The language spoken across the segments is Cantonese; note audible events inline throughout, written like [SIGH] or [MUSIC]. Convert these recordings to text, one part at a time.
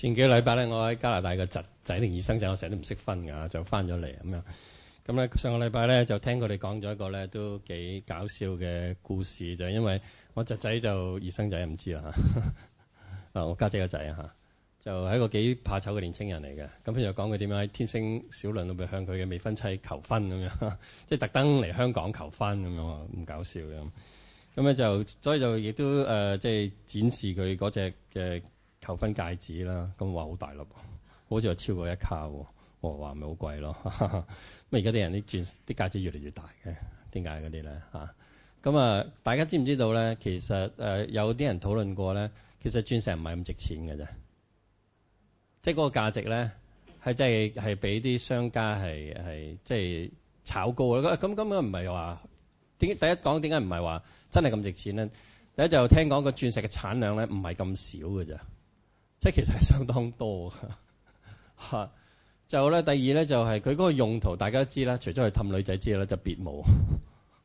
前幾個禮拜咧，我喺加拿大嘅侄仔定二生仔，我成日都唔識分㗎，就翻咗嚟咁樣。咁咧上個禮拜咧就聽佢哋講咗一個咧都幾搞笑嘅故事，就係因為我侄仔就二生仔唔知啊嚇。啊，啊我家姐個仔啊嚇，就係、是、一個幾怕醜嘅年青人嚟嘅。咁佢就講佢點樣喺天星小輪裏邊向佢嘅未婚妻求婚咁樣，即係特登嚟香港求婚咁樣啊，咁搞笑嘅。咁咧就所以就亦都誒，即、呃、係、就是、展示佢嗰隻嘅。求婚戒指啦，咁我話好大粒，好似話超過一卡喎，我話咪好貴咯。咁而家啲人啲鑽啲戒指越嚟越大嘅，點解嗰啲咧嚇？咁啊，大家知唔知道咧？其實誒有啲人討論過咧，其實鑽石唔係咁值錢嘅啫，即係嗰個價值咧係真係係俾啲商家係係即係炒高咯。咁咁樣唔係話點？第一講點解唔係話真係咁值錢咧？第一，說的第一就聽講個鑽石嘅產量咧唔係咁少嘅啫。即係其實係相當多嘅， [LAUGHS] 就咧，第二咧就係佢嗰個用途，大家都知啦。除咗去氹女仔之外咧，就別無。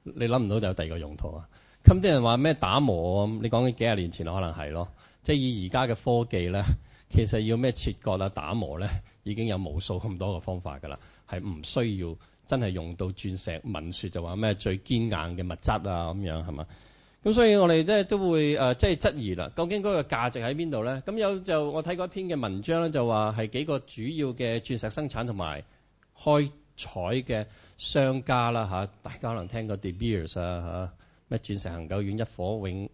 你諗唔到就有第二個用途啊！咁啲人話咩打磨，你講緊幾廿年前可能係咯。即係以而家嘅科技咧，其實要咩切割啦、打磨咧，已經有無數咁多嘅方法㗎啦，係唔需要真係用到鑽石，聞說就話咩最堅硬嘅物質啊咁樣係嘛？是咁所以我哋咧都會誒，即係質疑啦。究竟嗰個價值喺邊度咧？咁有就我睇過一篇嘅文章咧，就話係幾個主要嘅鑽石生產同埋開採嘅商家啦嚇。大家可能聽過 De Beers 啊嚇，咩鑽石恆久遠，一火永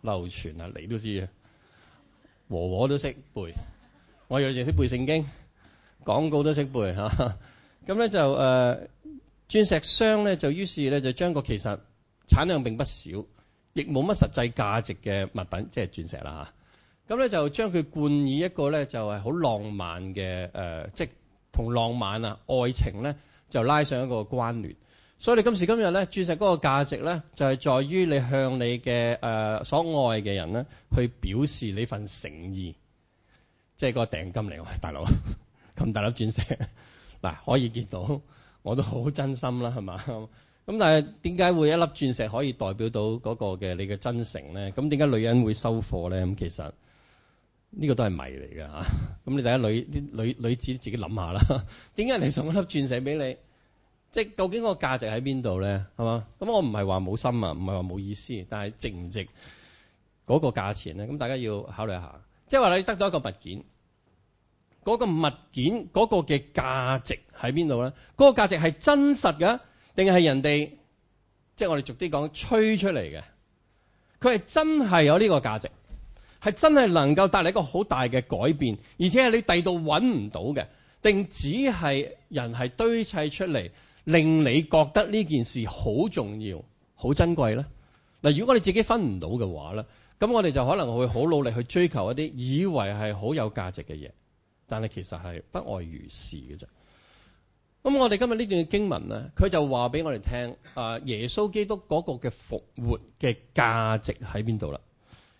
流傳啊，你都知嘅，和和都識背。我以前淨識背聖經，廣告都識背嚇。咁咧就誒、啊、鑽石商咧就於是咧就將個其實產量並不少。亦冇乜實際價值嘅物品，即係鑽石啦嚇。咁咧就將佢冠以一個咧就係好浪漫嘅誒，即係同浪漫啊愛情咧就拉上一個關聯。所以你今時今日咧，鑽石嗰個價值咧就係在於你向你嘅誒所愛嘅人咧去表示你份誠意，即係個訂金嚟。大佬咁大粒鑽石，嗱可以見到，我都好真心啦，係嘛？咁但係點解會一粒鑽石可以代表到嗰個嘅你嘅真誠咧？咁點解女人會收貨咧？咁其實呢個都係謎嚟噶吓。咁你第一女啲女女子自己諗下啦。點解你送一粒鑽石俾你？即係究竟個價值喺邊度咧？係嘛？咁我唔係話冇心啊，唔係話冇意思，但係值唔值嗰個價錢咧？咁大家要考慮下。即係話你得到一個物件，嗰個物件嗰個嘅價值喺邊度咧？嗰個價值係真實嘅。定係人哋，即係我哋逐啲講吹出嚟嘅，佢係真係有呢個價值，係真係能夠帶嚟一個好大嘅改變，而且係你第度揾唔到嘅，定只係人係堆砌出嚟，令你覺得呢件事好重要、好珍貴呢？嗱，如果你自己分唔到嘅話呢，咁我哋就可能會好努力去追求一啲以為係好有價值嘅嘢，但係其實係不外如是嘅啫。咁我哋今日呢段嘅經文呢，佢就話俾我哋聽，誒、啊、耶穌基督嗰個嘅復活嘅價值喺邊度啦？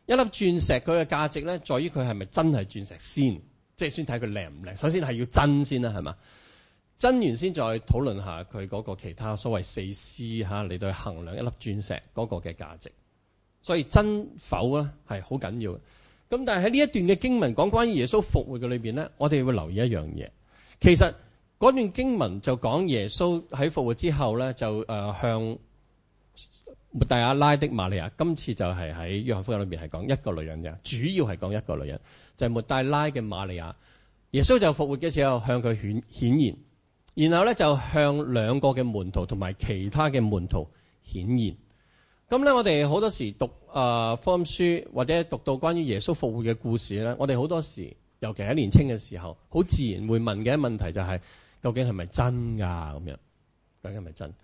一粒鑽石佢嘅價值呢，在於佢係咪真係鑽石先，即係先睇佢靚唔靚。首先係要真先啦，係嘛？真完先再討論下佢嗰個其他所謂四 C 吓嚟到衡量一粒鑽石嗰個嘅價值。所以真否呢，係好緊要嘅。咁但係喺呢一段嘅經文講關於耶穌復活嘅裏邊呢，我哋會留意一樣嘢，其實。嗰段經文就講耶穌喺復活之後咧，就誒、呃、向抹大拉的馬利亞。今次就係喺約翰福音裏面係講一個女人嘅，主要係講一個女人，就係、是、抹大拉嘅馬利亞。耶穌就復活嘅時候向佢顯顯現，然後咧就向兩個嘅門徒同埋其他嘅門徒顯現。咁咧，我哋好多時讀誒、呃、福音書或者讀到關於耶穌復活嘅故事咧，我哋好多時，尤其喺年青嘅時候，好自然會問嘅一問題就係、是。究竟係咪真噶，咁、啊、樣？究竟係咪真的？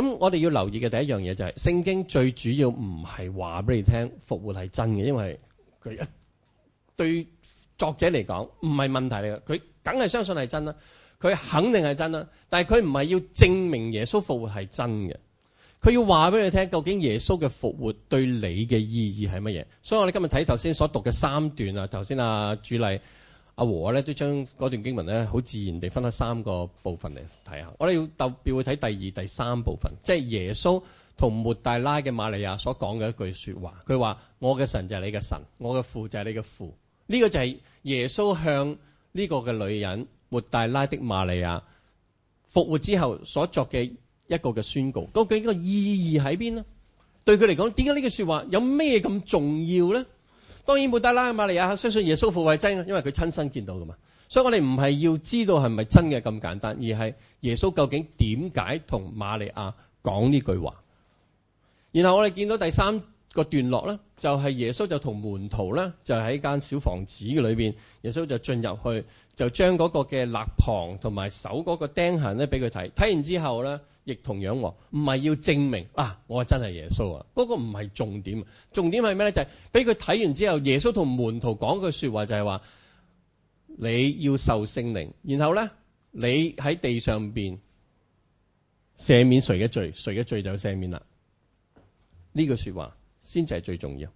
咁我哋要留意嘅第一樣嘢就係、是、聖經最主要唔係話俾你聽復活係真嘅。因為佢一對作者嚟講唔係問題嚟嘅，佢梗係相信係真啦，佢肯定係真啦。但係佢唔係要證明耶穌復活係真嘅，佢要話俾你聽究竟耶穌嘅復活對你嘅意義係乜嘢。所以我哋今日睇頭先所讀嘅三段才啊，頭先阿主禮。阿和咧都將嗰段經文咧，好自然地分開三個部分嚟睇下。我哋要特別去睇第二、第三部分，即係耶穌同抹大拉嘅馬利亞所講嘅一句說話。佢話：我嘅神就係你嘅神，我嘅父就係你嘅父。呢個就係耶穌向呢個嘅女人抹大拉的馬利亞，這個，復活之後所作嘅一個嘅宣告。究竟個意義喺邊呢？對佢嚟講，點解呢句說話有咩咁重要咧？當然冇得啦，馬利亞相信耶穌復活真，因為佢親身見到㗎嘛。所以我哋唔係要知道係咪真嘅咁簡單，而係耶穌究竟點解同馬利亞講呢句話？然後我哋見到第三個段落呢就係、是、耶穌就同門徒呢，就喺間小房子裏邊，耶穌就進入去，就將嗰個嘅肋旁同埋手嗰個釘痕呢俾佢睇，睇完之後呢。亦同樣，唔係要證明啊。我真係耶穌啊！嗰個唔係重點，重點係咩呢？就係俾佢睇完之後，耶穌同門徒講句說話就係話：你要受聖靈，然後呢，你喺地上面赦免誰嘅罪，誰嘅罪就赦免啦。呢句說話先至係最重要。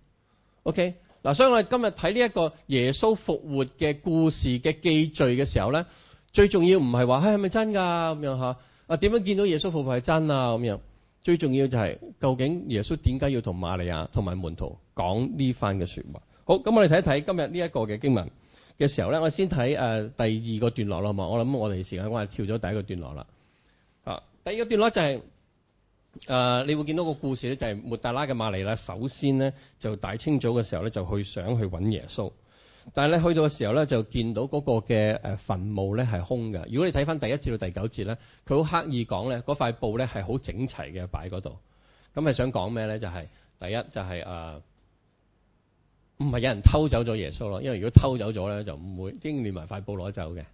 OK，嗱，所以我哋今日睇呢一個耶穌復活嘅故事嘅記敘嘅時候呢，最重要唔係話係咪真㗎咁樣嚇。啊，點樣見到耶穌復活係真啊？咁樣最重要就係究竟耶穌點解要同瑪利亞同埋門徒講呢番嘅説話？好，咁我哋睇一睇今日呢一個嘅經文嘅時候咧，我先睇誒、呃、第二個段落咯，嘛我諗我哋時間我係跳咗第一個段落啦。啊，第二個段落就係、是、誒、呃，你會見到個故事咧，就係抹大拉嘅瑪利啦。首先呢，就大清早嘅時候咧，就去想去揾耶穌。但係咧，去到嘅時候咧，就見到嗰個嘅誒墳墓咧係空嘅。如果你睇翻第一節到第九節咧，佢好刻意講咧，嗰塊布咧係好整齊嘅擺喺嗰度。咁係想講咩咧？就係、是、第一就係、是、誒，唔、啊、係有人偷走咗耶穌咯。因為如果偷走咗咧，就唔會拎連埋塊布攞走嘅。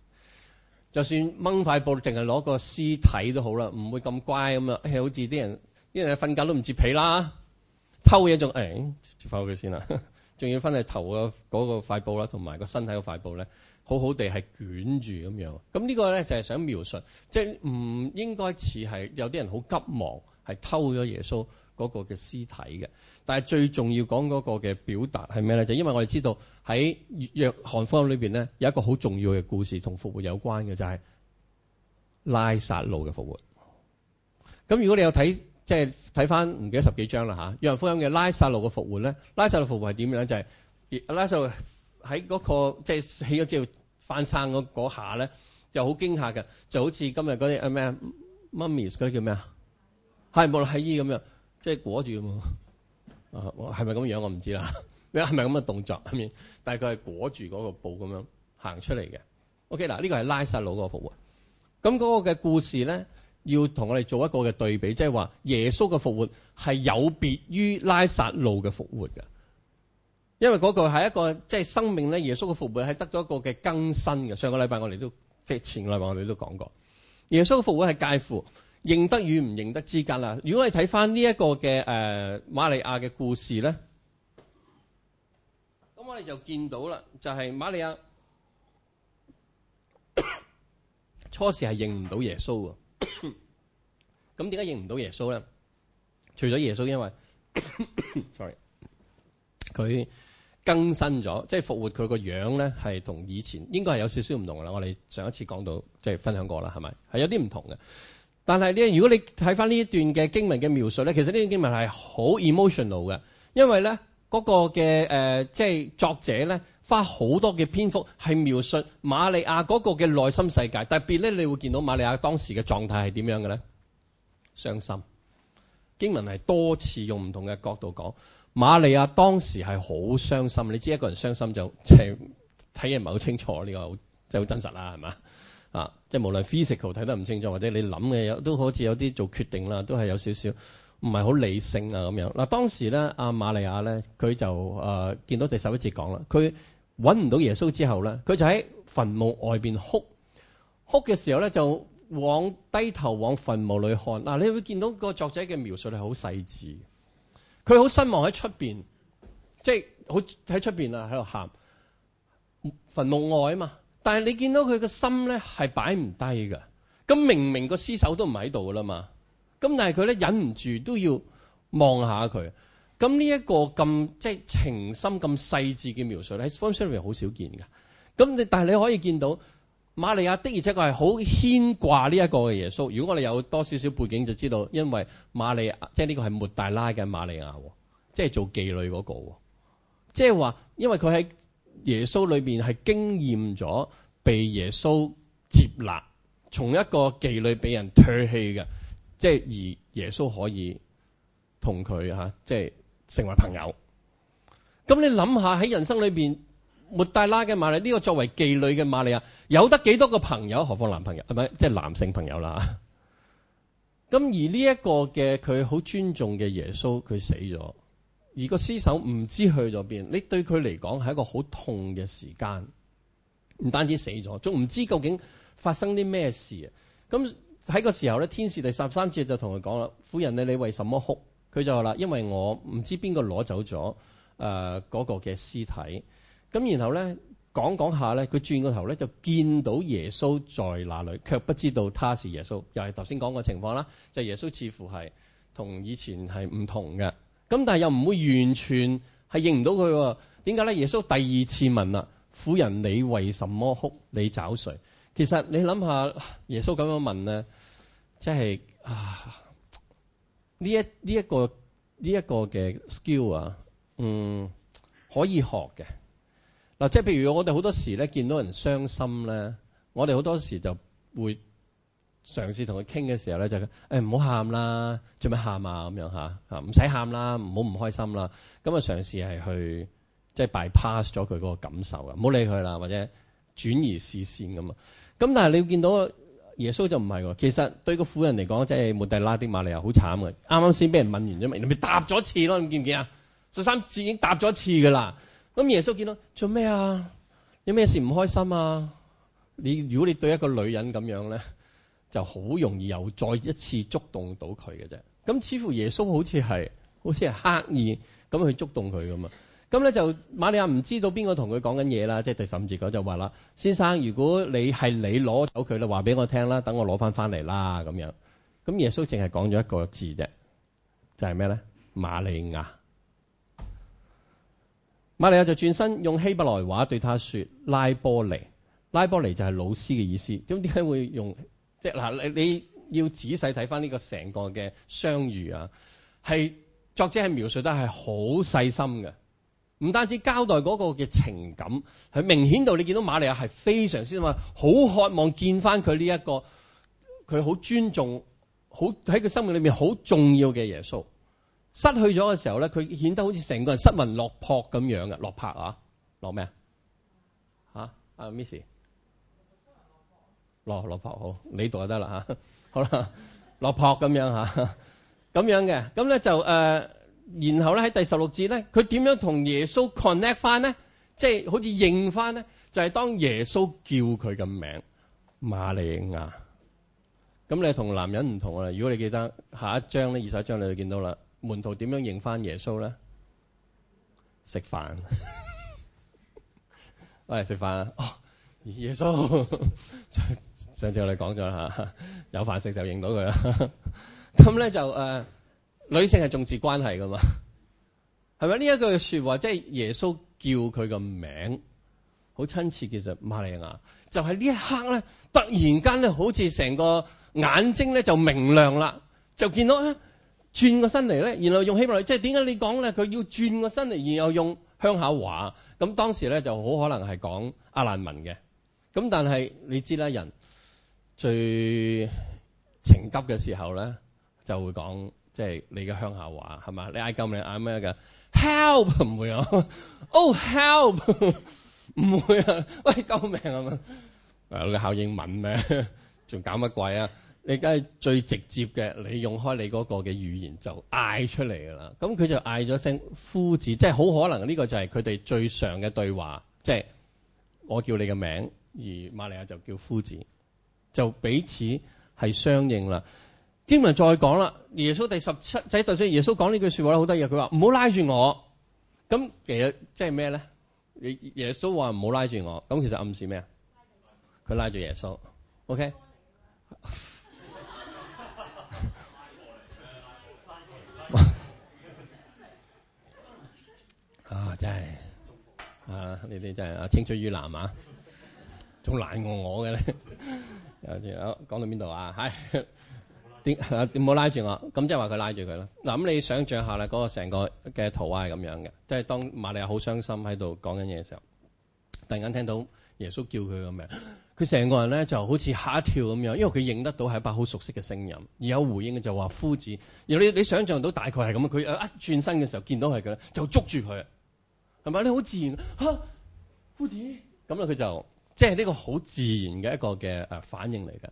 就算掹塊布，淨係攞個屍體都好啦，唔會咁乖咁樣、哎、好似啲人啲人瞓覺都唔摺被啦，偷嘢仲摺翻屋企先啦。仲要翻去頭的個嗰個塊布啦，同埋個身體個塊布咧，好好地係捲住咁樣。咁呢個咧就係、是、想描述，即係唔應該似係有啲人好急忙係偷咗耶穌嗰個嘅屍體嘅。但係最重要講嗰個嘅表達係咩咧？就是、因為我哋知道喺約翰福音裏邊咧有一個好重要嘅故事同復活有關嘅，就係、是、拉撒路嘅復活。咁如果你有睇？即係睇返唔記得十幾章啦嚇，約、啊、翰福音嘅拉撒路嘅復活呢？拉撒路復活係點樣呢？就係、是、拉撒路喺嗰、那個即係、就是、起咗之後翻生嗰嗰下呢，就好驚嚇㗎。就好似今日嗰啲阿咩啊 mummies 嗰啲叫咩啊？係木乃伊咁樣，即、就、係、是、裹住咁啊？係咪咁樣，樣？我唔知啦，係咪咁嘅動作？係咪？大概係裹住嗰個布咁樣行出嚟嘅。OK 嗱，呢、這個係拉撒路嗰個復活。咁嗰個嘅故事呢。要同我哋做一個嘅對比，即係話耶穌嘅復活係有別於拉撒路嘅復活嘅，因為嗰個係一個即係、就是、生命咧。耶穌嘅復活係得咗一個嘅更新嘅。上個禮拜我哋都即係前個禮拜我哋都講過，耶穌嘅復活係介乎認得與唔認得之間啦。如果你睇翻呢一個嘅誒馬利亞嘅故事咧，咁我哋就見到啦，就係、是、馬利亞初時係認唔到耶穌嘅。咁點解認唔到耶穌咧？除咗耶穌，因為 [COUGHS] [COUGHS] sorry，佢更新咗，即係復活，佢個樣咧係同以前應該係有少少唔同啦。我哋上一次講到，即係分享過啦，係咪？係有啲唔同嘅。但係呢，如果你睇翻呢一段嘅經文嘅描述咧，其實呢段經文係好 emotional 嘅，因為咧嗰個嘅誒，即係作者咧。花好多嘅篇幅係描述瑪利亞嗰個嘅內心世界，特別咧，你會見到瑪利亞當時嘅狀態係點樣嘅咧？傷心，經文係多次用唔同嘅角度講瑪利亞當時係好傷心。你知一個人傷心就即係睇嘢唔係好清楚，呢、這個即係好真實啦，係嘛？啊，即、就、係、是、無論 physical 睇得唔清楚，或者你諗嘅都好似有啲做決定啦，都係有少少唔係好理性啊咁樣。嗱、啊，當時咧，阿、啊、瑪利亞咧，佢就誒、啊、見到第十一節講啦，佢。揾唔到耶穌之後咧，佢就喺墳墓外面哭。哭嘅時候咧，就往低頭往墳墓裏看。嗱，你會見到個作者嘅描述係好細緻。佢好失望喺出面，即係好喺出面啊，喺度喊墳墓外啊嘛。但係你見到佢嘅心咧係擺唔低㗎。咁明明個屍首都唔喺度啦嘛，咁但係佢咧忍唔住都要望下佢。咁呢一個咁即係情深咁細緻嘅描述咧，喺福音書裡面好少見噶。咁你但係你可以見到馬利亞的，而且確係好牽掛呢一個嘅耶穌。如果我哋有多少少背景，就知道因為馬利亞，即係呢個係抹大拉嘅馬利亞，即係做妓女嗰個，即係話因為佢喺耶穌裡邊係經驗咗，被耶穌接納，從一個妓女俾人唾棄嘅，即係而耶穌可以同佢吓，即係。成為朋友，咁你諗下喺人生裏邊，抹大拉嘅瑪麗呢個作為妓女嘅瑪麗亞，有得幾多個朋友？何況男朋友，係咪？即係男性朋友啦。咁而呢一個嘅佢好尊重嘅耶穌，佢死咗，而個屍首唔知去咗邊。你對佢嚟講係一個好痛嘅時間，唔單止死咗，仲唔知究竟發生啲咩事。咁喺個時候咧，天使第十三節就同佢講啦：夫人，你你為什麼哭？佢就話啦，因為我唔知邊個攞走咗誒嗰個嘅屍體。咁然後呢，講講下呢，佢轉個頭呢，就見到耶穌在那裏，卻不知道他是耶穌。又係頭先講個情況啦，就係、耶穌似乎係同以前係唔同嘅。咁但係又唔會完全係認唔到佢喎。點解呢？耶穌第二次問啦：婦人，你為什麼哭？你找誰？其實你諗下，耶穌咁樣問呢，即係啊～呢一呢一,一個呢一,一個嘅 skill 啊，嗯，可以學嘅嗱，即係譬如我哋好多時咧見到人傷心咧，我哋好多時就會嘗試同佢傾嘅時候咧就誒唔好喊啦，做咩喊啊咁樣吓，唔使喊啦，唔好唔開心啦，咁啊嘗試係去即係、就是、bypass 咗佢嗰個感受嘅，唔好理佢啦，或者轉移視線咁啊，咁但係你要見到。耶穌就唔係喎，其實對個婦人嚟講，即係抹大拉的馬利亞好慘嘅。啱啱先俾人問完啫嘛，你咪答咗一次咯，你見唔見啊？十三次已經答咗一次嘅啦。咁耶穌見到做咩啊？有咩事唔開心啊？你如果你對一個女人咁樣咧，就好容易又再一次觸動到佢嘅啫。咁似乎耶穌好似係，好似係刻意咁去觸動佢咁啊。咁咧就瑪利亞唔知道邊個同佢講緊嘢啦，即係第十五節嗰就話啦：先生，如果你係你攞走佢咧，話俾我聽啦，等我攞翻翻嚟啦。咁樣咁耶穌淨係講咗一個字啫，就係咩咧？瑪利亞，瑪利亞就轉身用希伯來話對他說：拉波尼，拉波尼就係老師嘅意思。咁點解會用即係嗱？你、就是、你要仔細睇翻呢個成個嘅相遇啊，係作者係描述得係好細心嘅。唔單止交代嗰個嘅情感，係明顯到你見到瑪利亞係非常之話好渴望見翻佢呢一個佢好尊重、好喺佢生命裏面好重要嘅耶穌，失去咗嘅時候咧，佢顯得好似成個人失魂落魄咁樣嘅落魄啊，落咩啊？嚇啊，Miss，落落魄好，你度就得啦、啊、好啦， [LAUGHS] 落魄咁樣嚇，咁、啊、樣嘅，咁咧就、呃然後咧喺第十六節咧，佢點樣同耶穌 connect 翻呢？即係好似認翻呢，就係當耶穌叫佢嘅名瑪利亞。咁你同男人唔同啦。如果你記得下一章咧，二十一章你就見到啦。門徒點樣認翻耶穌咧？食飯， [LAUGHS] 喂，食飯啊！哦，耶穌， [LAUGHS] 上次我哋講咗啦吓，有飯食就認到佢啦。咁 [LAUGHS] 咧就誒。呃女性係重視關係噶嘛，係咪呢一句説話？即係耶穌叫佢個名好親切，叫做瑪利亞。就係呢一刻咧，突然間咧，好似成個眼睛咧就明亮啦，就見到咧轉個身嚟咧，然後用希伯來。即係點解你講咧？佢要轉個身嚟，然後用鄉下話。咁當時咧就好可能係講阿蘭文嘅。咁但係你知啦，人最情急嘅時候咧就會講。即、就、係、是、你嘅鄉下話係嘛？你嗌救命嗌咩㗎？Help 唔 [LAUGHS] 會啊！Oh help 唔 [LAUGHS] 會啊！喂救命啊嘛！誒你考英文咩、啊？仲搞乜鬼啊？你梗係最直接嘅，你用開你嗰個嘅語言就嗌出嚟㗎啦。咁佢就嗌咗聲夫子，即係好可能呢個就係佢哋最常嘅對話，即、就、係、是、我叫你嘅名，而馬利亞就叫夫子，就彼此係相應啦。經文再講啦，耶穌第十七仔就算耶穌講呢句話很他說話咧，好得意，佢話唔好拉住我，咁其實即係咩咧？耶穌話唔好拉住我，咁其實暗示咩啊？佢拉住耶穌住，OK？ [LAUGHS] [LAUGHS] 啊，真係啊，你哋真係啊，青出於藍啊，仲 [LAUGHS] 懶過我嘅咧。有 [LAUGHS] 講 [LAUGHS] 到邊度啊？係。點冇拉住我，咁即係話佢拉住佢啦。嗱，咁你想象下呢嗰、嗰個成個嘅圖畫係咁樣嘅，即係當馬利亞好傷心喺度講緊嘢嘅時候，突然間聽到耶穌叫佢嘅名，佢成個人咧就好似吓一跳咁樣，因為佢認得到係一把好熟悉嘅聲音，而有回應嘅就話夫子。如果你你想象到大概係咁啊，佢一轉身嘅時候見到係佢咧，就捉住佢係，係咪你好自然、啊、夫子。咁咧佢就即係呢個好自然嘅一個嘅誒反應嚟嘅。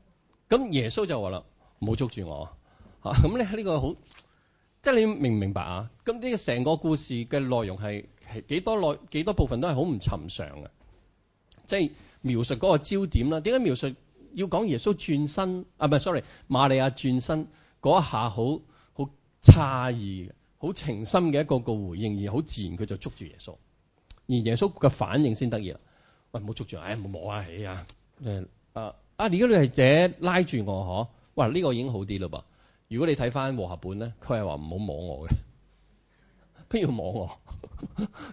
咁耶穌就話啦。唔好捉住我，吓，咁咧呢個好，即係你明唔明白啊？咁呢個成個故事嘅內容係係幾多內幾多部分都係好唔尋常嘅，即係描述嗰個焦點啦。點解描述要講耶穌轉身啊？唔係，sorry，瑪利亞轉身嗰一下好好詫異、好情深嘅一個個回應，而好自然佢就捉住耶穌，而耶穌嘅反應先得意啦。喂、哎，唔好捉住我哎，唔好摸啊起啊，誒、哎，啊啊，而家你係者拉住我，嗬、啊。嗱，呢、這個已經好啲喇噃。如果你睇翻和合本咧，佢係話唔好摸我嘅、啊，不要摸我。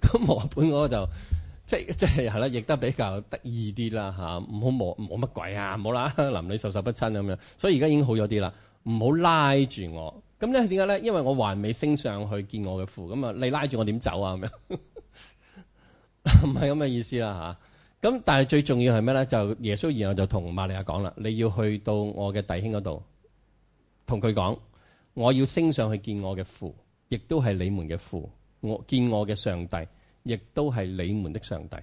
咁和合本嗰就即即係係啦，亦都比較得意啲啦嚇。唔好摸摸乜鬼啊，好啦，男女授受，受不親咁樣。所以而家已經好咗啲啦，唔好拉住我。咁咧點解咧？因為我還未升上去見我嘅父，咁啊你拉住我點走啊咁樣？唔係咁嘅意思啦嚇。啊咁，但係最重要係咩咧？就耶穌然後就同瑪利亞講啦，你要去到我嘅弟兄嗰度同佢講，我要升上去見我嘅父，亦都係你們嘅父。我見我嘅上帝，亦都係你們的上帝。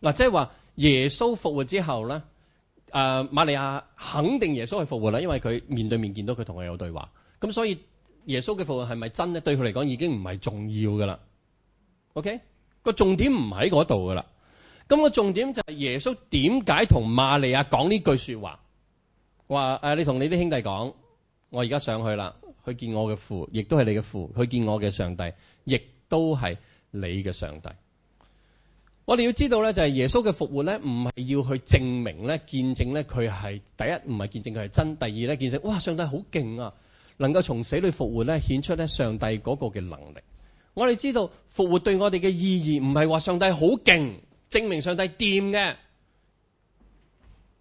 嗱、啊，即係話耶穌復活之後咧，誒、啊，瑪利亞肯定耶穌係復活啦，因為佢面對面見到佢同佢有對話。咁所以耶穌嘅復活係咪真咧？對佢嚟講已經唔係重要噶啦。OK，個重點唔喺嗰度噶啦。咁個重點就係耶穌點解同瑪利亞講呢句說話，話誒、啊，你同你啲兄弟講，我而家上去啦，去見我嘅父，亦都係你嘅父。佢見我嘅上帝，亦都係你嘅上帝。我哋要知道呢，就係耶穌嘅復活呢，唔係要去證明呢，見證呢，佢係第一，唔係見證佢係真，第二呢，見證哇，上帝好勁啊，能夠從死裏復活呢，顯出呢上帝嗰個嘅能力。我哋知道復活對我哋嘅意義，唔係話上帝好勁。證明上帝掂嘅，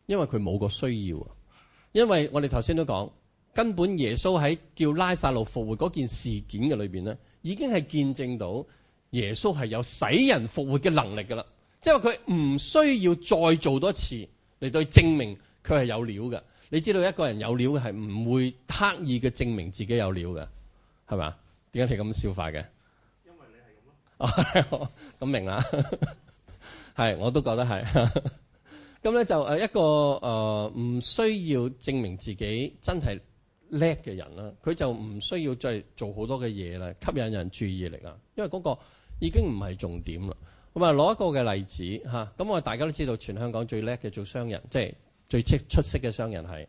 因為佢冇個需要啊。因為我哋頭先都講，根本耶穌喺叫拉撒路復活嗰件事件嘅裏邊咧，已經係見證到耶穌係有使人復活嘅能力㗎啦。即係佢唔需要再做多次嚟到證明佢係有料嘅。你知道一個人有料嘅係唔會刻意嘅證明自己有料嘅，係咪啊？點解你咁笑法嘅？因為你係咁咯。咁 [LAUGHS] 明啦。 [LAUGHS] 係，我都覺得係。咁咧就誒一個誒唔、呃、需要證明自己真係叻嘅人啦，佢就唔需要再做好多嘅嘢啦，吸引人注意力啊。因為嗰個已經唔係重點啦。咁啊攞一個嘅例子嚇，咁、啊、我哋大家都知道，全香港最叻嘅做商人，即係最出出色嘅商人係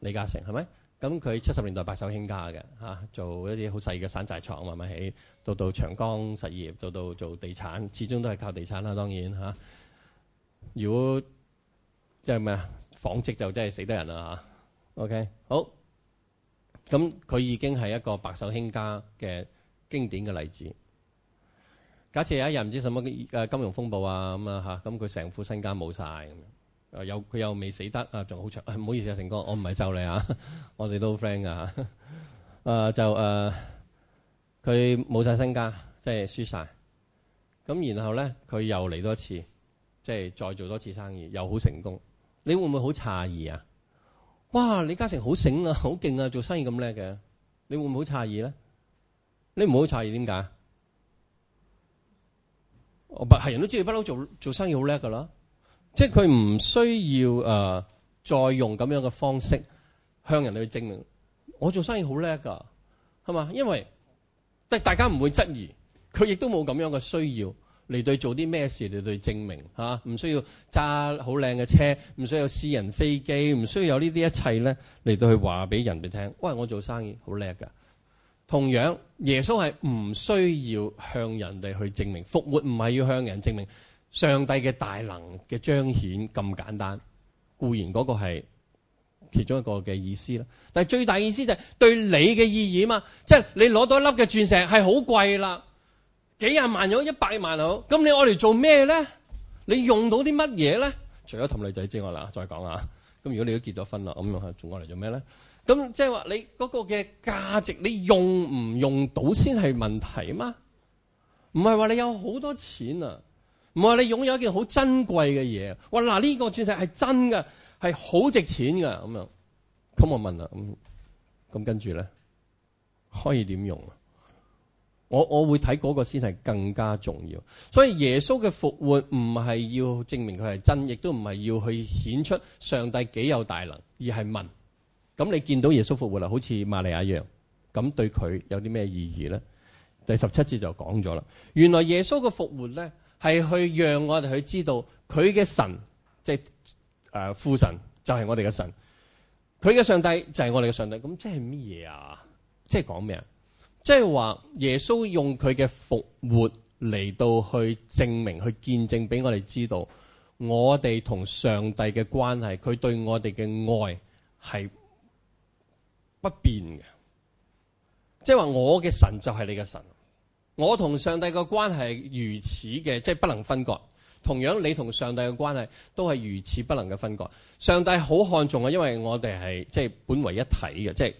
李嘉誠，係咪？咁佢七十年代白手興家嘅、啊、做一啲好細嘅山寨廠慢慢起，啊、到到長江實業，到到做地產，始終都係靠地產啦，當然、啊、如果即係咩啊，紡織就真係死得人啦、啊、OK，好。咁佢已經係一個白手興家嘅經典嘅例子。假設有一日唔知什麼誒金融風暴啊，咁啊，咁佢成副身家冇晒。咁啊！有佢又未死得啊，仲好長。唔好意思啊，成哥，我唔係咒你啊，我哋都好 friend 噶。啊，就啊，佢冇晒身家，即係輸晒。咁然後咧，佢又嚟多次，即係再做多次生意，又好成功。你會唔會好詫異啊？哇！李嘉誠好醒啊，好勁啊，做生意咁叻嘅，你會唔會好詫異咧？你唔好詫異，點解？我係人都知你，不嬲做做生意好叻噶啦。即係佢唔需要誒、呃，再用咁樣嘅方式向人哋去證明我做生意好叻噶，係嘛？因為但係大家唔會質疑，佢亦都冇咁樣嘅需要嚟對做啲咩事嚟對證明吓，唔、啊、需要揸好靚嘅車，唔需，需要有私人飛機，唔需要有呢啲一切咧嚟對去話俾人哋聽。喂，我做生意好叻噶。同樣耶穌係唔需要向人哋去證明，復活唔係要向人證明。上帝嘅大能嘅彰顯咁簡單，固然嗰個係其中一個嘅意思啦。但係最大意思就係對你嘅意義嘛，即係你攞到一粒嘅鑽石係好貴啦，幾廿萬咗一百萬啊！咁你攞嚟做咩咧？你用到啲乜嘢咧？除咗氹女仔之外啦，再講啊！咁如果你都結咗婚啦，咁用下仲攞嚟做咩咧？咁即係話你嗰個嘅價值，你用唔用到先係問題嘛？唔係話你有好多錢啊！我話你擁有一件好珍貴嘅嘢。哇！嗱、這個，呢個鑽石係真㗎，係好值錢㗎。咁樣，咁我問啦，咁跟住咧可以點用啊？我我會睇嗰個先係更加重要。所以耶穌嘅復活唔係要證明佢係真，亦都唔係要去顯出上帝幾有大能，而係問咁。你見到耶穌復活啦，好似瑪利亞一樣咁，對佢有啲咩意義咧？第十七節就講咗啦，原來耶穌嘅復活咧。係去讓我哋去知道他的，佢嘅神即係誒父神就係我哋嘅神，佢嘅上帝就係我哋嘅上帝。咁即係乜嘢啊？即係講咩啊？即係話耶穌用佢嘅復活嚟，到去證明，去見證俾我哋知道，我哋同上帝嘅關係、佢對我哋嘅愛係不變嘅。即係話我嘅神就係你嘅神。我同上帝嘅關係如此嘅，即係不能分割。同樣，你同上帝嘅關係都係如此不能嘅分割。上帝好看重啊，因為我哋係即係本為一體嘅，即係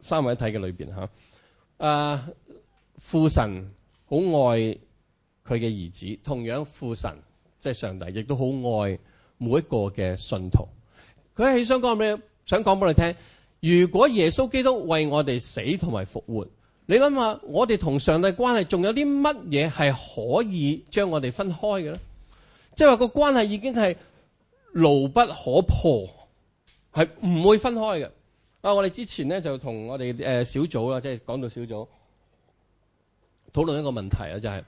三位一體嘅裏邊吓。啊，父神好愛佢嘅兒子，同樣父神即係上帝，亦都好愛每一個嘅信徒。佢係想講咩？想講俾你聽。如果耶穌基督為我哋死同埋復活。你諗下，我哋同上帝關係仲有啲乜嘢係可以將我哋分開嘅咧？即係話個關係已經係牢不可破，係唔會分開嘅。啊，我哋之前咧就同我哋誒小組啦，即係講道小組討論一個問題啊，就係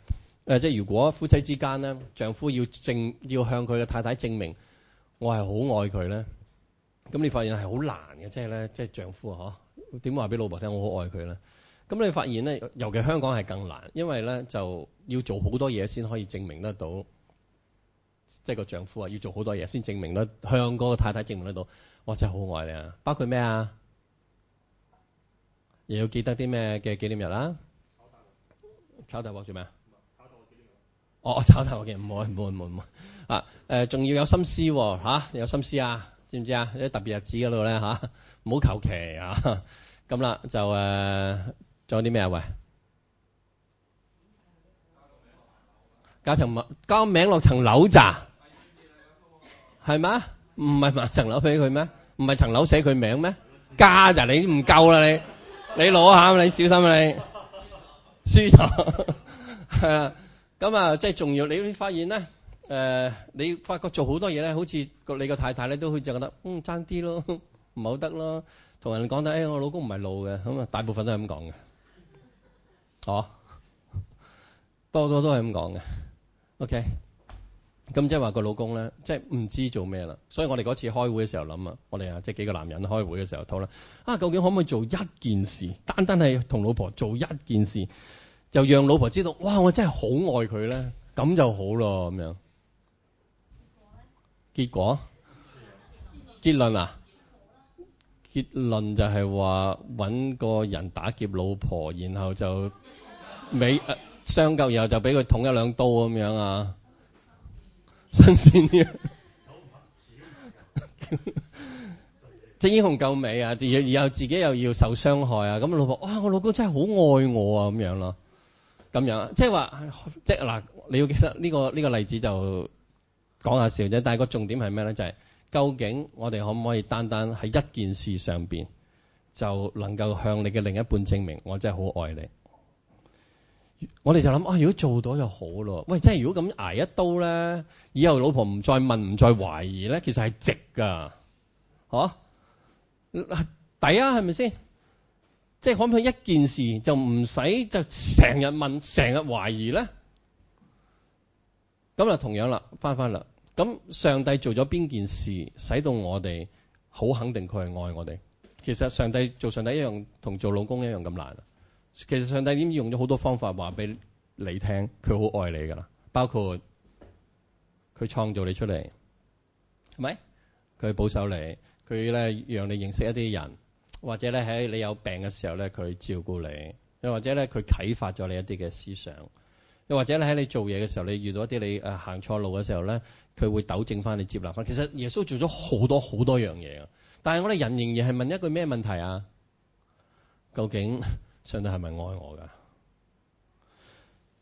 誒，即係如果夫妻之間咧，丈夫要證要向佢嘅太太證明我係好愛佢咧，咁你發現係好難嘅，即係咧，即係丈夫啊，嗬，點話俾老婆聽我好愛佢咧？咁你發現咧，尤其香港係更難，因為咧就要做好多嘢先可以證明得到，即係個丈夫啊，要做好多嘢先證明得到向嗰個太太證明得到。哇！真係好愛你啊！包括咩啊？又要記得啲咩嘅紀念日啦、啊？炒大鑊做咩啊？哦，炒大鑊嘅唔好唔好唔好啊！誒、呃，仲要有心思喎、啊啊、有心思啊？知唔知啊？有啲特別日子嗰度咧唔好求其啊！咁、啊、啦，啊啊、就誒。啊仲有啲咩啊？喂，加層物，加名落層樓咋？係嘛？唔係埋層樓俾佢咩？唔係層樓寫佢名咩？加咋？你唔夠啦你！你攞下啊你，小心啊你，輸咗。誒，咁啊，即係仲要。你發現咧，誒，你發覺做好多嘢咧，好似你個太太咧都好似覺得，嗯，爭啲咯，唔好得咯。同人講得，誒，我老公唔係老嘅，咁啊，大部分都係咁講嘅。哦，多多都係咁講嘅，OK。咁即係話個老公咧，即係唔知做咩啦。所以我哋嗰次開會嘅時候諗啊，我哋啊即係幾個男人開會嘅時候討論啊，究竟可唔可以做一件事？單單係同老婆做一件事，就讓老婆知道，哇！我真係好愛佢咧，咁就好咯咁樣。結果？結論啊？結論就係話揾個人打劫老婆，然後就～美誒相救，然後就俾佢捅一兩刀咁樣啊！新鮮啲， [LAUGHS] 英雄救美啊！然後自己又要受傷害啊！咁老婆，哇！我老公真係好愛我啊！咁樣咯、啊，咁樣即係話，即嗱，你要記得呢、這個呢、這個、例子就講下笑啫。但係個重點係咩咧？就係、是、究竟我哋可唔可以單單喺一件事上面，就能夠向你嘅另一半證明我真係好愛你？我哋就諗啊，如果做到就好咯。喂，真係如果咁挨一刀咧，以後老婆唔再問、唔再懷疑咧，其實係值噶，吓抵啊，係咪先？即係可唔可以一件事就唔使就成日問、成日懷疑咧？咁啊，同樣啦，翻翻啦。咁上帝做咗邊件事，使到我哋好肯定佢係愛我哋？其實上帝做上帝一樣，同做老公一樣咁難。其實上帝已經用咗好多方法話俾你聽，佢好愛你噶啦，包括佢創造你出嚟，係咪？佢保守你，佢咧讓你認識一啲人，或者咧喺你有病嘅時候咧，佢照顧你，又或者咧佢啟發咗你一啲嘅思想，又或者咧喺你做嘢嘅時候，你遇到一啲你誒行錯路嘅時候咧，佢會糾正翻你，接納翻。其實耶穌做咗好多好多樣嘢啊，但係我哋人仍然係問一句咩問題啊？究竟？上帝係咪愛我噶？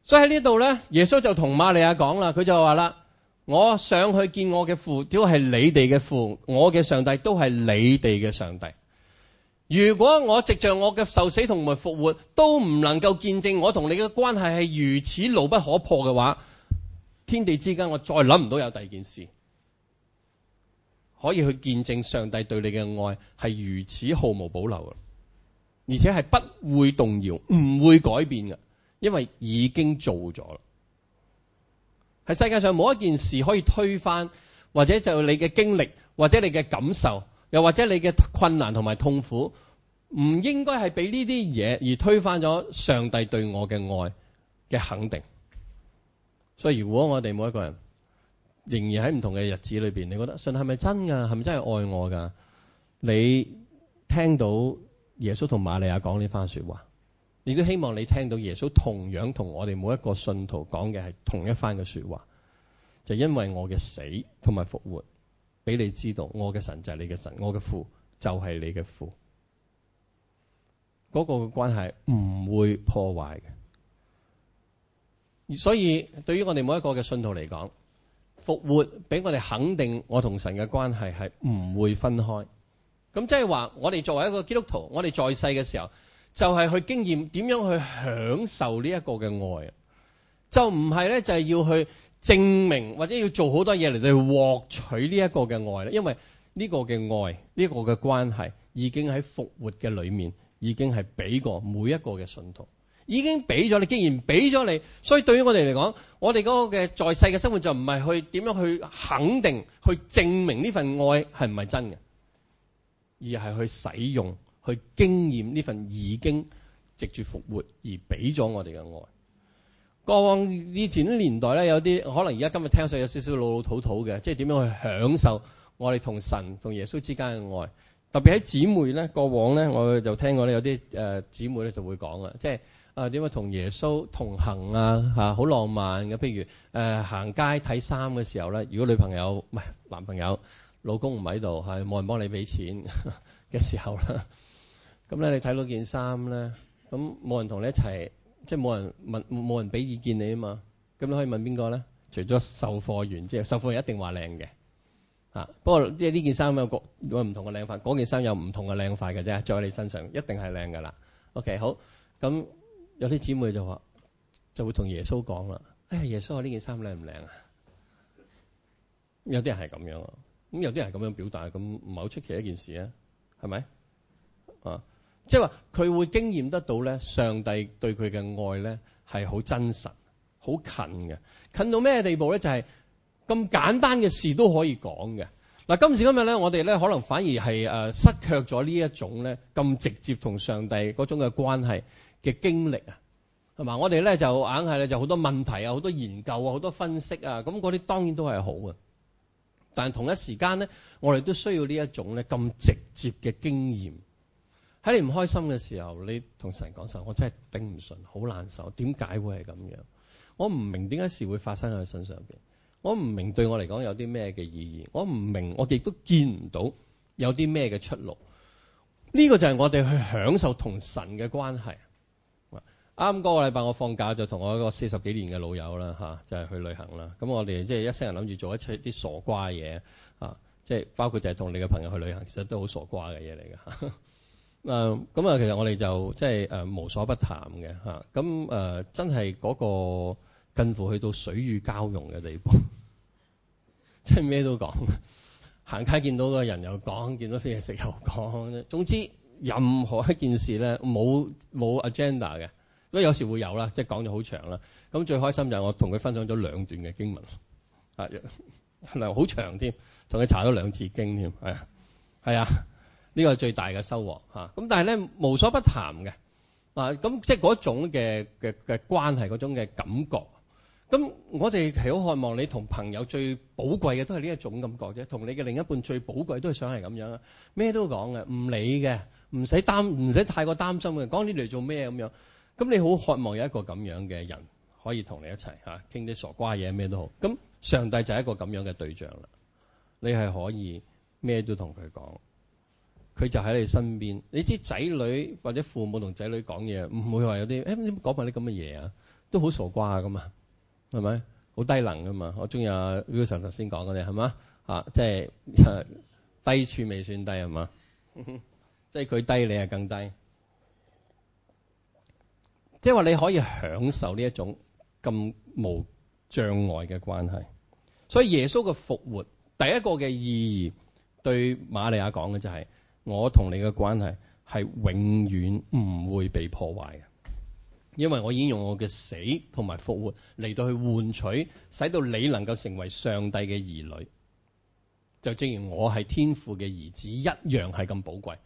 所以喺呢度呢，耶穌就同瑪利亞講啦，佢就話啦：我上去見我嘅父，只要係你哋嘅父，我嘅上帝都係你哋嘅上帝。如果我藉着我嘅受死同埋復活，都唔能夠見證我同你嘅關係係如此牢不可破嘅話，天地之間我再諗唔到有第二件事可以去見證上帝對你嘅愛係如此毫無保留啊！而且係不會動搖，唔會改變嘅，因為已經做咗啦。喺世界上冇一件事可以推翻，或者就你嘅經歷，或者你嘅感受，又或者你嘅困難同埋痛苦，唔應該係俾呢啲嘢而推翻咗上帝對我嘅愛嘅肯定。所以，如果我哋每一個人仍然喺唔同嘅日子裏面，你覺得信係咪真㗎？係咪真係愛我㗎？你聽到？耶穌同瑪利亞講呢番說話，亦都希望你聽到耶穌同樣同我哋每一個信徒講嘅係同一番嘅說話，就因為我嘅死同埋復活，俾你知道我嘅神就係你嘅神，我嘅父就係你嘅父，嗰個嘅關係唔會破壞嘅。所以對於我哋每一個嘅信徒嚟講，復活俾我哋肯定我同神嘅關係係唔會分開。咁即係話，我哋作為一個基督徒，我哋在世嘅時候，就係去經驗點樣去享受呢一個嘅愛，就唔係呢，就係要去證明或者要做好多嘢嚟去獲取呢一個嘅愛，因為呢個嘅愛，呢個嘅關係，已經喺復活嘅裏面，已經係俾過每一個嘅信徒，已經俾咗你。既然俾咗你，所以對於我哋嚟講，我哋嗰個嘅在世嘅生活就唔係去點樣去肯定、去證明呢份愛係唔係真嘅。而係去使用、去經驗呢份已經藉著復活而俾咗我哋嘅愛。過往以前啲年代咧，有啲可能而家今日聽上有少少老老土土嘅，即係點樣去享受我哋同神同耶穌之間嘅愛。特別喺姊妹咧，過往咧我就聽過咧有啲呃、姊妹咧就會講啊，即係、呃、點樣同耶穌同行啊、吓、好浪漫嘅。譬如、呃、行街睇衫嘅時候咧，如果女朋友唔係、呃、男朋友。老公唔喺度，係冇人幫你俾錢嘅時候啦。咁 [LAUGHS] 咧，你睇到件衫咧，咁冇人同你一齊，即係冇人問冇人俾意見你啊嘛。咁你可以問邊個咧？除咗售貨員之外，售貨員一定話靚嘅。啊，不過即係呢件衫有個唔同嘅靚法，嗰件衫有唔同嘅靚法嘅啫，着喺你身上一定係靚噶啦。OK，好。咁有啲姊妹就話就會同耶穌講啦。哎呀，耶穌，我呢件衫靚唔靚啊？有啲人係咁樣。咁有啲人係咁樣表達，咁唔係好出奇的一件事啊，係咪？啊，即係話佢會經驗得到咧，上帝對佢嘅愛咧係好真實、好近嘅，近到咩地步咧？就係、是、咁簡單嘅事都可以講嘅。嗱、啊，今時今日咧，我哋咧可能反而係誒、呃、失卻咗呢一種咧咁直接同上帝嗰種嘅關係嘅經歷啊，係咪？我哋咧就硬係咧就好多問題啊、好多研究啊、好多分析啊，咁嗰啲當然都係好啊。但同一時間咧，我哋都需要呢一種咧咁直接嘅經驗。喺你唔開心嘅時候，你同神講：神，我真係頂唔順，好難受，點解會係咁樣？我唔明點解事會發生喺佢身上面。我唔明對我嚟講有啲咩嘅意義？我唔明，我亦都見唔到有啲咩嘅出路。呢個就係我哋去享受同神嘅關係。啱、那、嗰個禮拜，我放假就同我一個四十幾年嘅老友啦，就係、是、去旅行啦。咁我哋即係一生人諗住做一出啲傻瓜嘢啊，即係包括就係同你嘅朋友去旅行，其實都好傻瓜嘅嘢嚟嘅。咁、嗯、啊，其實我哋就即係誒無所不談嘅咁、呃、真係嗰個近乎去到水乳交融嘅地步，呵呵，即係咩都講。行街見到個人又講，見到啲嘢食又講。總之任何一件事咧，冇冇 agenda 嘅。所以有時會有啦，即係講咗好長啦。咁最開心就係我同佢分享咗兩段嘅經文，啊，唔係好長添，同佢查咗兩次經添，係啊，係啊，呢、這個係最大嘅收穫嚇。咁但係咧，無所不談嘅，嗱，咁即係嗰種嘅嘅嘅關係嗰種嘅感覺。咁我哋係好渴望你同朋友最寶貴嘅都係呢一種感覺啫。同你嘅另一半最寶貴都係想係咁樣啊，咩都講嘅，唔理嘅，唔使擔，唔使太過擔心嘅，講呢嚟做咩咁樣。咁你好渴望有一個咁樣嘅人可以同你一齊吓傾啲傻瓜嘢，咩都好，咁上帝就係一個咁樣嘅對象啦。你係可以咩都同佢講，佢就喺你身邊。你知仔女或者父母同仔女講嘢，唔會話有啲誒，哎、你講埋啲咁嘅嘢啊，都好傻瓜啊嘛啊，係咪？好低能噶嘛？我中意阿 Wilson 頭先講嗰啲係嘛啊，即係、啊、低處未算低係嘛， [LAUGHS] 即係佢低你啊更低。即係話你可以享受呢一種咁無障礙嘅關係，所以耶穌嘅復活第一個嘅意義對瑪利亞講嘅就係，我同你嘅關係係永遠唔會被破壞嘅，因為我已經用我嘅死同埋復活嚟到去換取，使到你能夠成為上帝嘅兒女，就正如我係天父嘅兒子一樣係咁寶貴。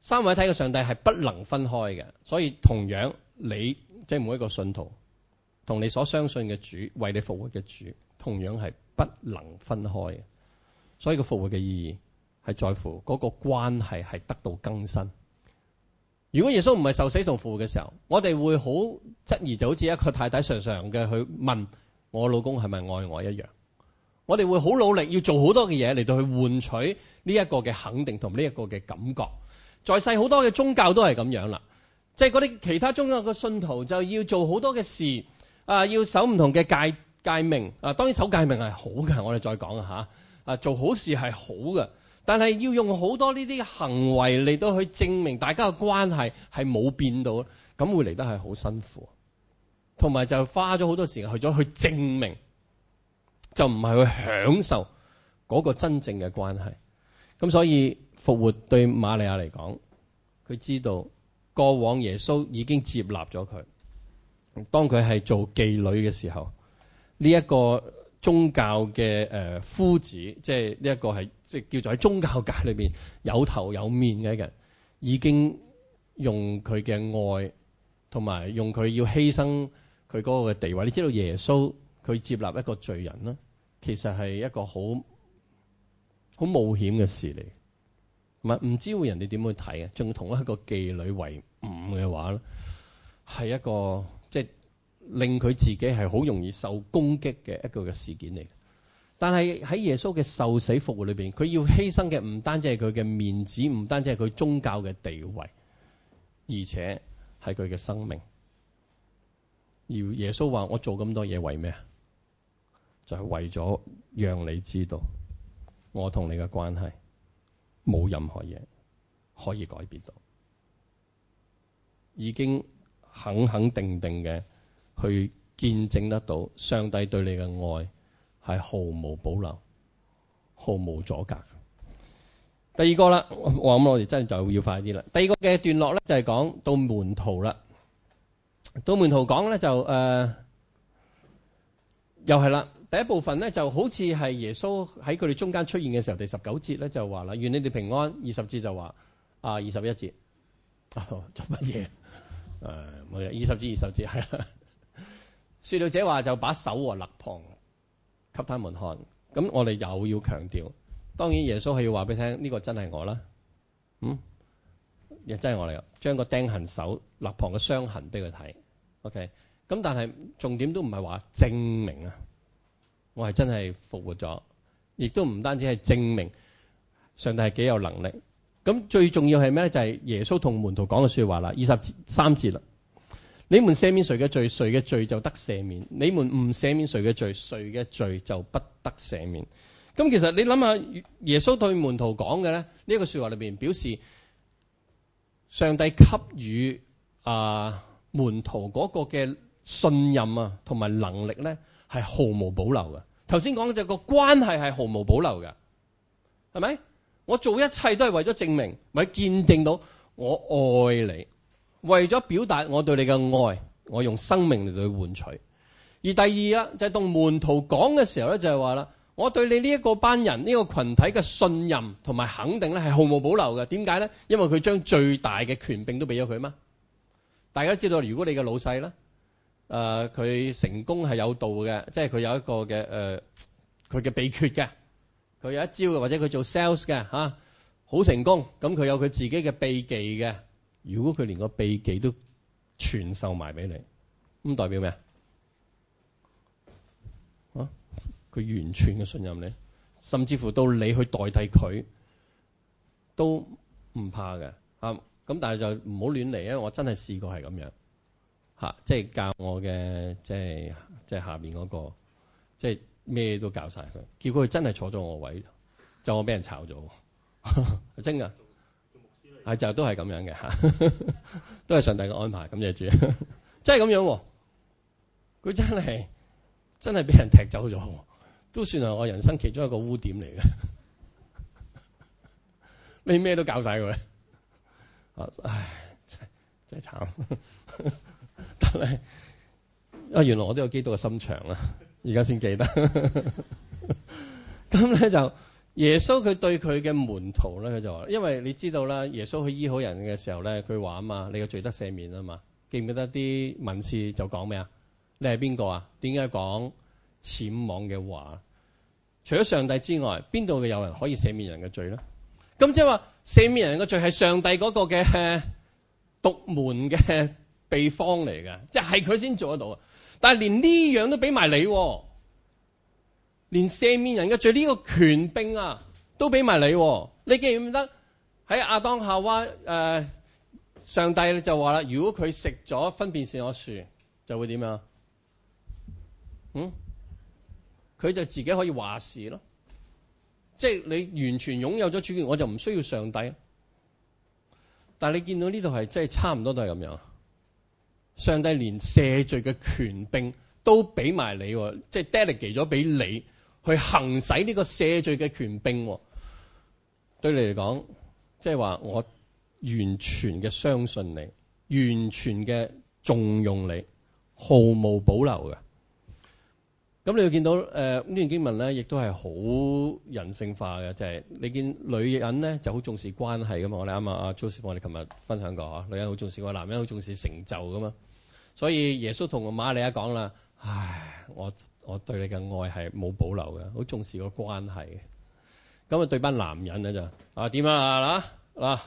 三位一體嘅上帝係不能分開嘅，所以同樣。你即係每一個信徒，同你所相信嘅主，為你服務嘅主，同樣係不能分開嘅。所以個復活嘅意義係在乎嗰個關係係得到更新。如果耶穌唔係受死同復活嘅時候，我哋會好質疑，就好似一個太太常常嘅去問我老公係咪愛我一樣。我哋會好努力要做好多嘅嘢嚟到去換取呢一個嘅肯定同呢一個嘅感覺。在世好多嘅宗教都係咁樣啦。即係嗰啲其他宗教嘅信徒就要做好多嘅事啊、呃，要守唔同嘅誡誡命啊。當然守誡命係好嘅，我哋再講吓啊，做好事係好嘅，但係要用好多呢啲行為嚟到去證明大家嘅關係係冇變到，咁會嚟得係好辛苦，同埋就花咗好多時間去咗去證明，就唔係去享受嗰個真正嘅關係。咁所以復活對瑪利亞嚟講，佢知道。過往耶穌已經接納咗佢。當佢係做妓女嘅時候，呢、這、一個宗教嘅誒夫子，即係呢一個係即係叫做喺宗教界裏邊有頭有面嘅人，已經用佢嘅愛同埋用佢要犧牲佢嗰個嘅地位。你知道耶穌佢接納一個罪人啦，其實係一個好好冒險嘅事嚟。唔係唔知會人哋點去睇啊？仲同一個妓女為伍嘅話咧，係一個即係、就是、令佢自己係好容易受攻擊嘅一個嘅事件嚟。但係喺耶穌嘅受死復活裏邊，佢要犧牲嘅唔單止係佢嘅面子，唔單止係佢宗教嘅地位，而且係佢嘅生命。而耶穌話：我做咁多嘢為咩啊？就係、是、為咗讓你知道我同你嘅關係。冇任何嘢可以改變到，已經肯肯定定嘅去見證得到上帝對你嘅愛係毫無保留、毫無阻隔。第二個啦，我諗我哋真係就要快啲啦。第二個嘅段落咧就係、是、講到門徒啦，到門徒講咧就誒、呃，又係啦。第一部分咧就好似係耶穌喺佢哋中間出現嘅時候，第十九節咧就話啦，願你哋平安。二十節就話啊，二十一節、啊、做乜嘢誒？冇、啊、嘢，二十至二十節係啦。說到這話就把手和肋旁給他們看。咁我哋又要強調，當然耶穌係要話俾你聽呢個真係我啦。嗯，亦真係我嚟，將個釘痕手肋旁嘅傷痕俾佢睇。OK，咁但係重點都唔係話證明啊。我係真係復活咗，亦都唔單止係證明上帝係幾有能力。咁最重要係咩咧？就係、是、耶穌同門徒講嘅說話啦，二十三節啦。你們赦免誰嘅罪，誰嘅罪就得赦免；你們唔赦免誰嘅罪，誰嘅罪就不得赦免。咁其實你諗下，耶穌對門徒講嘅咧，呢、這、一個說話裏邊表示上帝給予啊、呃、門徒嗰個嘅信任啊，同埋能力咧。係毫無保留嘅。頭先講就個關係係毫無保留嘅，係咪？我做一切都係為咗證明，係咪見證到我愛你，為咗表達我對你嘅愛，我用生命嚟去換取。而第二啊，就係、是、同門徒講嘅時候咧，就係話啦，我對你呢一個班人呢、呢個群體嘅信任同埋肯定咧，係毫無保留嘅。點解咧？因為佢將最大嘅權柄都俾咗佢嘛。大家知道，如果你嘅老細咧，誒、呃，佢成功係有道嘅，即係佢有一個嘅，誒，佢、呃、嘅秘訣嘅，佢有一招或者佢做 sales 嘅吓，好、啊、成功，咁佢有佢自己嘅秘技嘅。如果佢連個秘技都傳授埋俾你，咁代表咩啊？啊，佢完全嘅信任你，甚至乎到你去代替佢都唔怕嘅啊。咁但係就唔好亂嚟啊！因為我真係試過係咁樣。吓，即係教我嘅，即係即係下面嗰、那個，即係咩都教晒佢。結果佢真係坐咗我位，就我俾人炒咗，呵呵真噶係就都係咁樣嘅吓，都係 [LAUGHS] 上帝嘅安排。感謝主，真係咁樣。佢真係真係俾人踢走咗、啊，都算係我人生其中一個污點嚟嘅。你咩都教晒佢、啊，唉，真係慘。啊！ [LAUGHS] 原來我都有基督嘅心腸啦，而家先記得。 [LAUGHS] 咁咧就耶穌佢對佢嘅門徒咧，佢就話：，因為你知道啦，耶穌去醫好人嘅時候咧，佢話啊嘛，你嘅罪得赦免啊嘛。記唔記得啲文士就講咩啊？你係邊個啊？點解講僭妄嘅話？除咗上帝之外，邊度嘅有人可以赦免人嘅罪咧？咁即係話赦免人嘅罪係上帝嗰個嘅獨門嘅。秘方嚟嘅，即係佢先做得到。但係連呢樣都俾埋你啊，連赦免人嘅罪呢個權柄啊，都俾埋你啊。你記唔記得喺亞當夏娃誒、呃，上帝就話啦，如果佢食咗分辨善惡樹，就會點啊？嗯，佢就自己可以話事咯。即係你完全擁有咗主權，我就唔需要上帝。但係你見到呢度係，真係差唔多都係咁樣。上帝連赦罪嘅權柄都俾埋你，即係 delegate 咗俾你去行使呢個赦罪嘅權柄。對你嚟講，即係話我完全嘅相信你，完全嘅重用你，毫無保留嘅。咁你要見到誒呢、呃、段經文咧，亦都係好人性化嘅，就係、是、你見女人咧就好重視關係噶嘛。我哋啱啊，阿 Joseph，我哋琴日分享過女人好重視個男人，好重視成就噶嘛。所以耶穌同瑪利亞講啦，唉，我我對你嘅愛係冇保留嘅，好重視個關係。咁啊，對班男人咧就啊點樣啊啦嗱，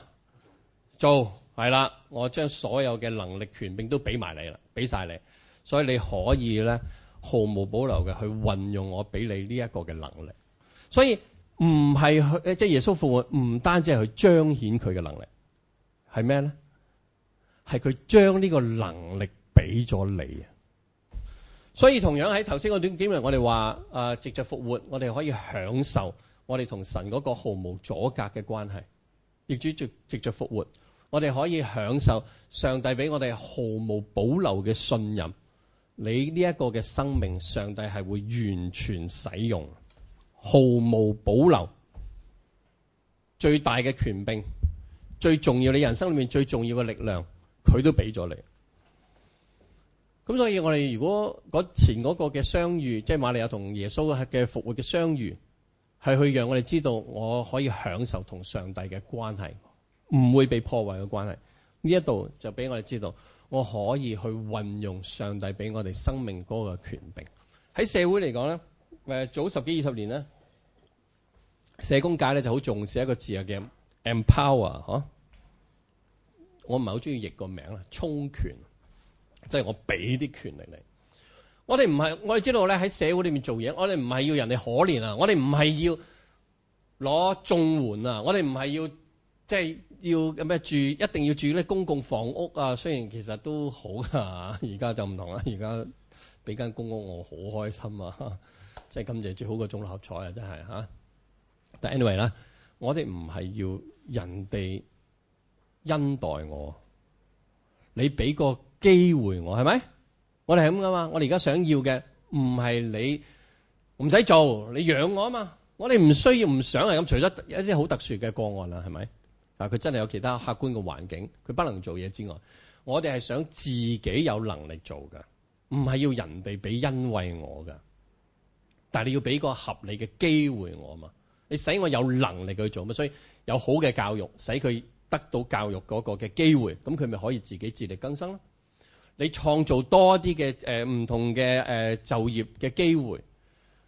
做係啦，我將所有嘅能力權柄都俾埋你啦，俾晒你，所以你可以咧。毫無保留嘅去運用我俾你呢一個嘅能力，所以唔係去，即係耶穌復活，唔單止係去彰顯佢嘅能力，係咩咧？係佢將呢個能力俾咗你啊！所以同樣喺頭先嗰段經文，我哋話誒，藉着復活，我哋可以享受我哋同神嗰個毫無阻隔嘅關係。亦主直藉着復活，我哋可以享受上帝俾我哋毫無保留嘅信任。你呢一個嘅生命，上帝係會完全使用，毫無保留，最大嘅權柄，最重要你人生裏面最重要嘅力量，佢都俾咗你。咁所以我哋如果嗰前嗰個嘅相遇，即係馬利亞同耶穌嘅復活嘅相遇，係去讓我哋知道，我可以享受同上帝嘅關係，唔會被破壞嘅關係。呢一度就俾我哋知道。我可以去運用上帝俾我哋生命嗰個權柄。喺社會嚟講咧，誒早十幾二十年咧，社工界咧就好重視一個字嘅 empower，嚇、就是。我唔係好中意譯個名啦，充權，即係我俾啲權力你。我哋唔係，我哋知道咧喺社會裏面做嘢，我哋唔係要人哋可憐啊，我哋唔係要攞綜援啊，我哋唔係要。即係要咁咩住，一定要住啲公共房屋啊！雖然其實都好㗎，而家就唔同啦。而家俾間公屋我好開心啊！即係今次最好過中六合彩啊！真係吓。但 anyway 啦，我哋唔係要人哋恩待我，你俾個機會我係咪？我哋係咁噶嘛。我哋而家想要嘅唔係你唔使做，你養我啊嘛。我哋唔需要、唔想係咁，除咗一啲好特殊嘅個案啦，係咪？啊！佢真係有其他客觀嘅環境，佢不能做嘢之外，我哋係想自己有能力做噶，唔係要人哋俾恩惠我噶。但係你要俾個合理嘅機會我嘛，你使我有能力去做嘛，所以有好嘅教育，使佢得到教育嗰個嘅機會，咁佢咪可以自己自力更生咯。你創造多啲嘅誒唔同嘅、呃、就業嘅機會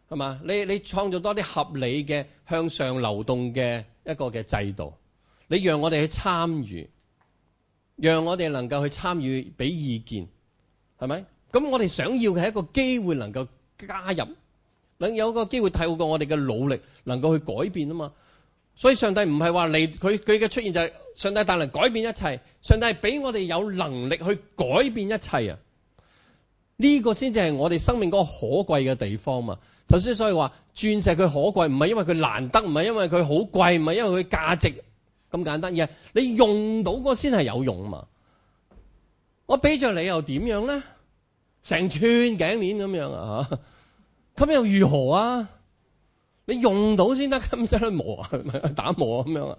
係嘛？你你創造多啲合理嘅向上流動嘅一個嘅制度。你讓我哋去參與，讓我哋能夠去參與，俾意見，係咪？咁我哋想要嘅係一個機會，能夠加入，能有一個機會透過我哋嘅努力，能夠去改變啊嘛！所以上帝唔係話佢佢嘅出現就係上帝帶嚟改變一切，上帝係俾我哋有能力去改變一切啊！呢個先至係我哋生命嗰個可貴嘅地方嘛！頭先所以話，鑽石佢可貴，唔係因為佢難得，唔係因為佢好貴，唔係因為佢價值。咁簡單，嘅，你用到嗰先係有用啊嘛！我俾着你又點樣咧？成串頸鏈咁樣啊嚇，咁又如何啊？你用到先得，咁走去磨啊，打磨咁樣啊？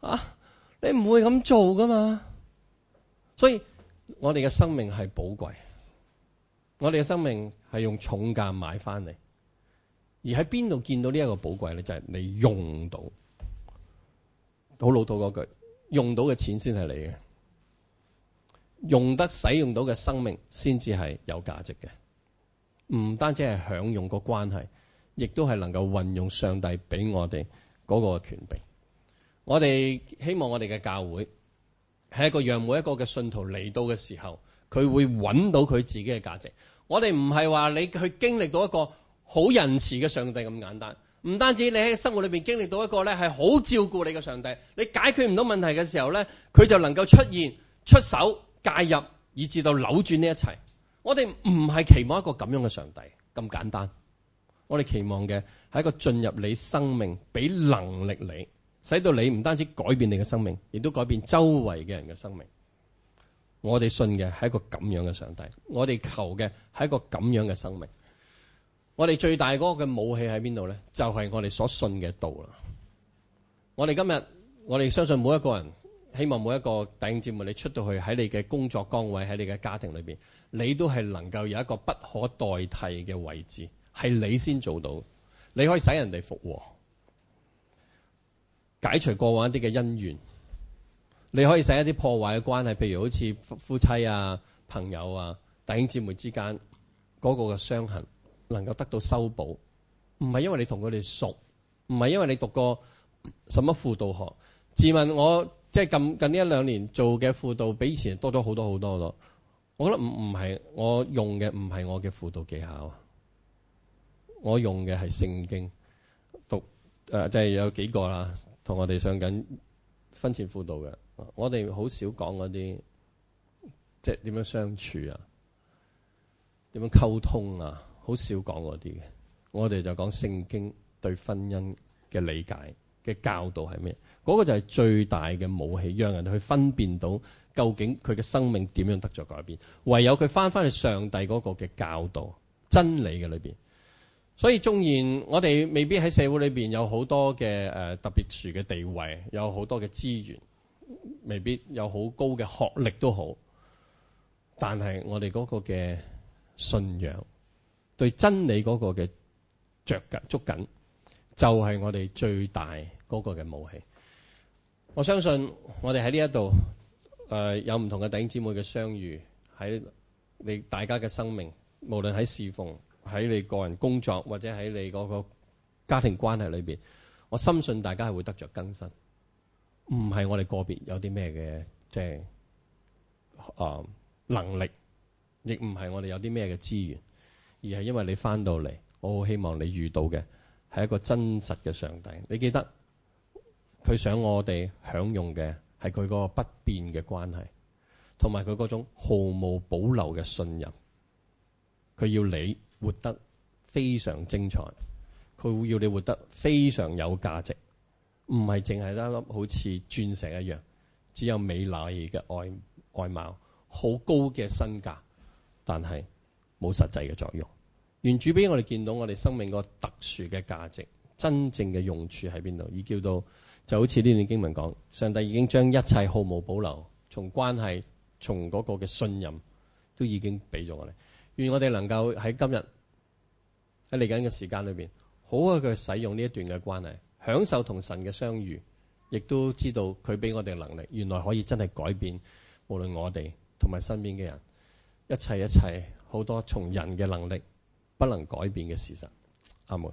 啊，你唔會咁做噶嘛？所以我哋嘅生命係寶貴，我哋嘅生命係用重價買翻嚟，而喺邊度見到寶貴呢一個寶貴咧？就係、是、你用到。好老土嗰句，用到嘅錢先係你嘅，用得使用到嘅生命先至係有價值嘅。唔單止係享用個關係，亦都係能夠運用上帝俾我哋嗰個權柄。我哋希望我哋嘅教會係一個讓每一個嘅信徒嚟到嘅時候，佢會揾到佢自己嘅價值。我哋唔係話你去經歷到一個好仁慈嘅上帝咁簡單。唔單止你喺生活裏邊經歷到一個咧係好照顧你嘅上帝，你解決唔到問題嘅時候咧，佢就能夠出現出手介入，以至到扭轉呢一切。我哋唔係期望一個咁樣嘅上帝咁簡單，我哋期望嘅係一個進入你生命，俾能力你，使到你唔單止改變你嘅生命，亦都改變周圍嘅人嘅生命。我哋信嘅係一個咁樣嘅上帝，我哋求嘅係一個咁樣嘅生命。我哋最大嗰個嘅武器喺邊度呢？就係、是、我哋所信嘅道啦。我哋今日，我哋相信每一個人，希望每一個弟兄姊妹，你出到去喺你嘅工作崗位，喺你嘅家庭裏面，你都係能夠有一個不可代替嘅位置，係你先做到。你可以使人哋復和，解除過往一啲嘅恩怨。你可以使一啲破壞嘅關係，譬如好似夫妻啊、朋友啊、弟兄姊妹之間嗰、那個嘅傷痕。能夠得到修補，唔係因為你同佢哋熟，唔係因為你讀過什麼輔導學。自問我，我即係近近呢一兩年做嘅輔導，比以前多咗好多好多好多。我覺得唔唔係我用嘅，唔係我嘅輔導技巧，我用嘅係聖經讀誒，即、呃、係、就是、有幾個啦，同我哋上緊婚前輔導嘅，我哋好少講嗰啲即係點樣相處啊，點樣溝通啊。好少講嗰啲嘅，我哋就講聖經對婚姻嘅理解嘅教導係咩？嗰、嗰個就係最大嘅武器，讓人去分辨到究竟佢嘅生命點樣得咗改變。唯有佢翻翻去上帝嗰個嘅教導真理嘅裏邊。所以縱然我哋未必喺社會裏邊有好多嘅誒、呃、特別殊嘅地位，有好多嘅資源，未必有好高嘅學歷都好，但係我哋嗰個嘅信仰。對真理嗰個嘅著緊捉緊，就係我哋最大嗰個嘅武器。我相信我哋喺呢一度誒有唔同嘅弟兄姊妹嘅相遇，喺你大家嘅生命，無論喺侍奉、喺你個人工作或者喺你嗰個家庭關係裏邊，我深信大家係會得着更新。唔係我哋個別有啲咩嘅即係誒能力，亦唔係我哋有啲咩嘅資源。而係因為你翻到嚟，我好希望你遇到嘅係一個真實嘅上帝。你記得佢想我哋享用嘅係佢個不變嘅關係，同埋佢嗰種毫無保留嘅信任。佢要你活得非常精彩，佢會要你活得非常有價值，唔係淨係一粒好似鑽石一樣，只有美麗嘅外外貌，好高嘅身價，但係冇實際嘅作用。原主，俾我哋見到我哋生命個特殊嘅價值，真正嘅用處喺邊度？而叫到就好似呢段經文講，上帝已經將一切毫無保留，從關係，從嗰個嘅信任，都已經俾咗我哋。願我哋能夠喺今日喺嚟緊嘅時間裏邊，好好嘅使用呢一段嘅關係，享受同神嘅相遇，亦都知道佢俾我哋嘅能力，原來可以真係改變無論我哋同埋身邊嘅人，一切一切好多從人嘅能力不能改變嘅事實，阿門。